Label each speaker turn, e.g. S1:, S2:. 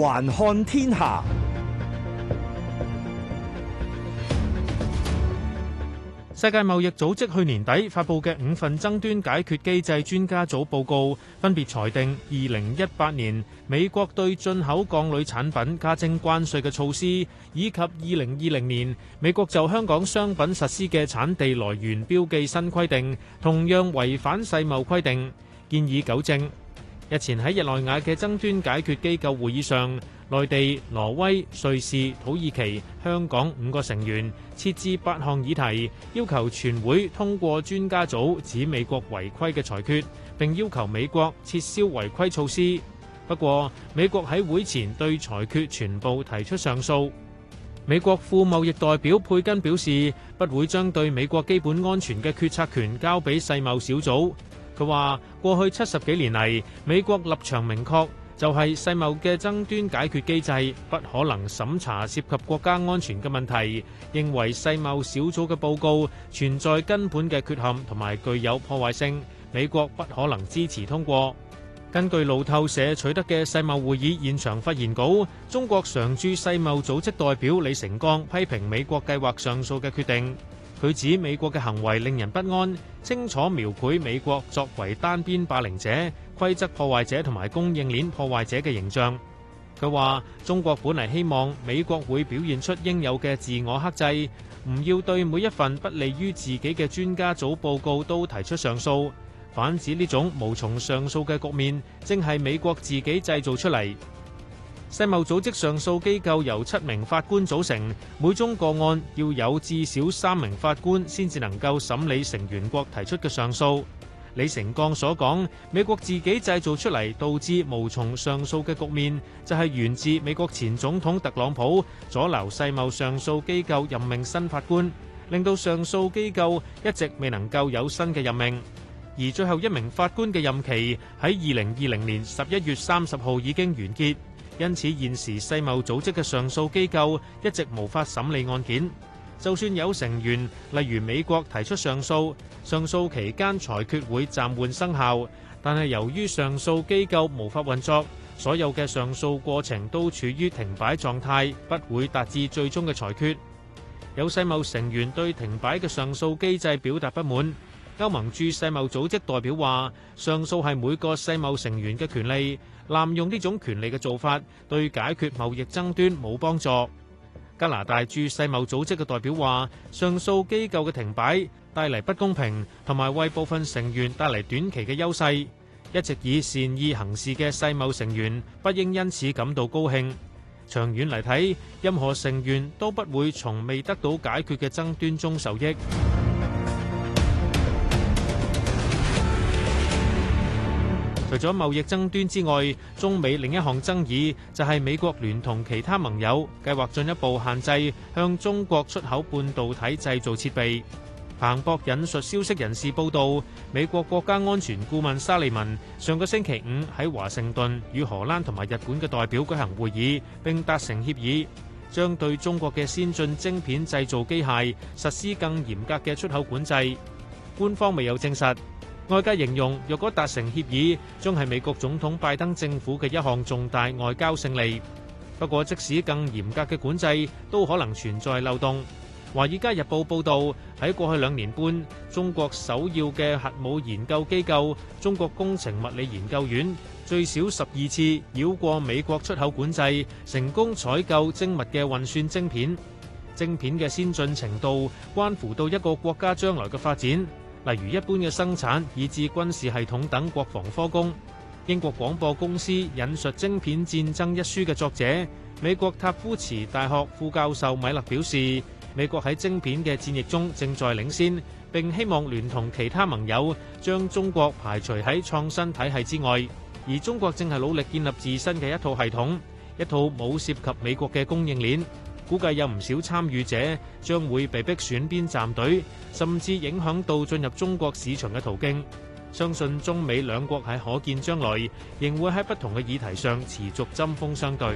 S1: 環看天下，世界貿易組織去年底發佈嘅五份爭端解決機制專家組報告，分別裁定，二零一八年美國對進口鋼鋁產品加徵關稅嘅措施，以及二零二零年美國就香港商品實施嘅產地來源標記新規定，同樣違反世貿規定，建議糾正。日前喺日內瓦嘅爭端解決機構會議上，內地、挪威、瑞士、土耳其、香港五個成員設置八項議題，要求全會通過專家組指美國違規嘅裁決，並要求美國撤銷違規措施。不過，美國喺會前對裁決全部提出上訴。美國副貿易代表佩根表示，不會將對美國基本安全嘅決策權交畀世貿小組。佢話：過去七十幾年嚟，美國立場明確，就係世貿嘅爭端解決機制不可能審查涉及國家安全嘅問題，認為世貿小組嘅報告存在根本嘅缺陷同埋具有破壞性，美國不可能支持通過。根據路透社取得嘅世貿會議現場發言稿，中國常駐世貿組織代表李成鋼批評美國計劃上訴嘅決定。佢指美國嘅行為令人不安，清楚描繪美國作為單邊霸凌者、規則破壞者同埋供應鏈破壞者嘅形象。佢話：中國本嚟希望美國會表現出應有嘅自我克制，唔要對每一份不利於自己嘅專家組報告都提出上訴，反指呢種無從上訴嘅局面，正係美國自己製造出嚟。世貿組織上訴機構由七名法官組成，每宗個案要有至少三名法官先至能夠審理成員國提出嘅上訴。李成鋼所講，美國自己製造出嚟導致無從上訴嘅局面，就係、是、源自美國前總統特朗普阻撓世貿上訴機構任命新法官，令到上訴機構一直未能夠有新嘅任命。而最後一名法官嘅任期喺二零二零年十一月三十號已經完結。因此，現時世貿組織嘅上訴機構一直無法審理案件。就算有成員例如美國提出上訴，上訴期間裁決會暫緩生效，但係由於上訴機構無法運作，所有嘅上訴過程都處於停擺狀態，不會達至最終嘅裁決。有世貿成員對停擺嘅上訴機制表達不滿。歐盟駐世貿組織代表話，上訴係每個世貿成員嘅權利，濫用呢種權利嘅做法對解決貿易爭端冇幫助。加拿大駐世貿組織嘅代表話，上訴機構嘅停擺帶嚟不公平，同埋為部分成員帶嚟短期嘅優勢。一直以善意行事嘅世貿成員不應因此感到高興。長遠嚟睇，任何成員都不會從未得到解決嘅爭端中受益。除咗貿易爭端之外，中美另一項爭議就係美國聯同其他盟友計劃進一步限制向中國出口半導體製造設備。彭博引述消息人士報道，美國國家安全顧問沙利文上個星期五喺華盛頓與荷蘭同埋日本嘅代表舉行會議，並達成協議，將對中國嘅先進晶片製造機械實施更嚴格嘅出口管制。官方未有證實。外界形容若，若果達成協議，將係美國總統拜登政府嘅一項重大外交勝利。不過即使更嚴格嘅管制，都可能存在漏洞。《華爾街日報》報道，喺過去兩年半，中國首要嘅核武研究機構中國工程物理研究院，最少十二次繞過美國出口管制，成功採購精密嘅運算晶片。晶片嘅先進程度，關乎到一個國家將來嘅發展。例如一般嘅生產，以至軍事系統等國防科工。英國廣播公司引述《晶片戰爭》一書嘅作者、美國塔夫茨大學副教授米勒表示，美國喺晶片嘅戰役中正在領先，並希望聯同其他盟友將中國排除喺創新體系之外。而中國正係努力建立自身嘅一套系統，一套冇涉及美國嘅供應鏈。估計有唔少參與者將會被逼選邊站隊，甚至影響到進入中國市場嘅途徑。相信中美兩國喺可見將來仍會喺不同嘅議題上持續針鋒相對。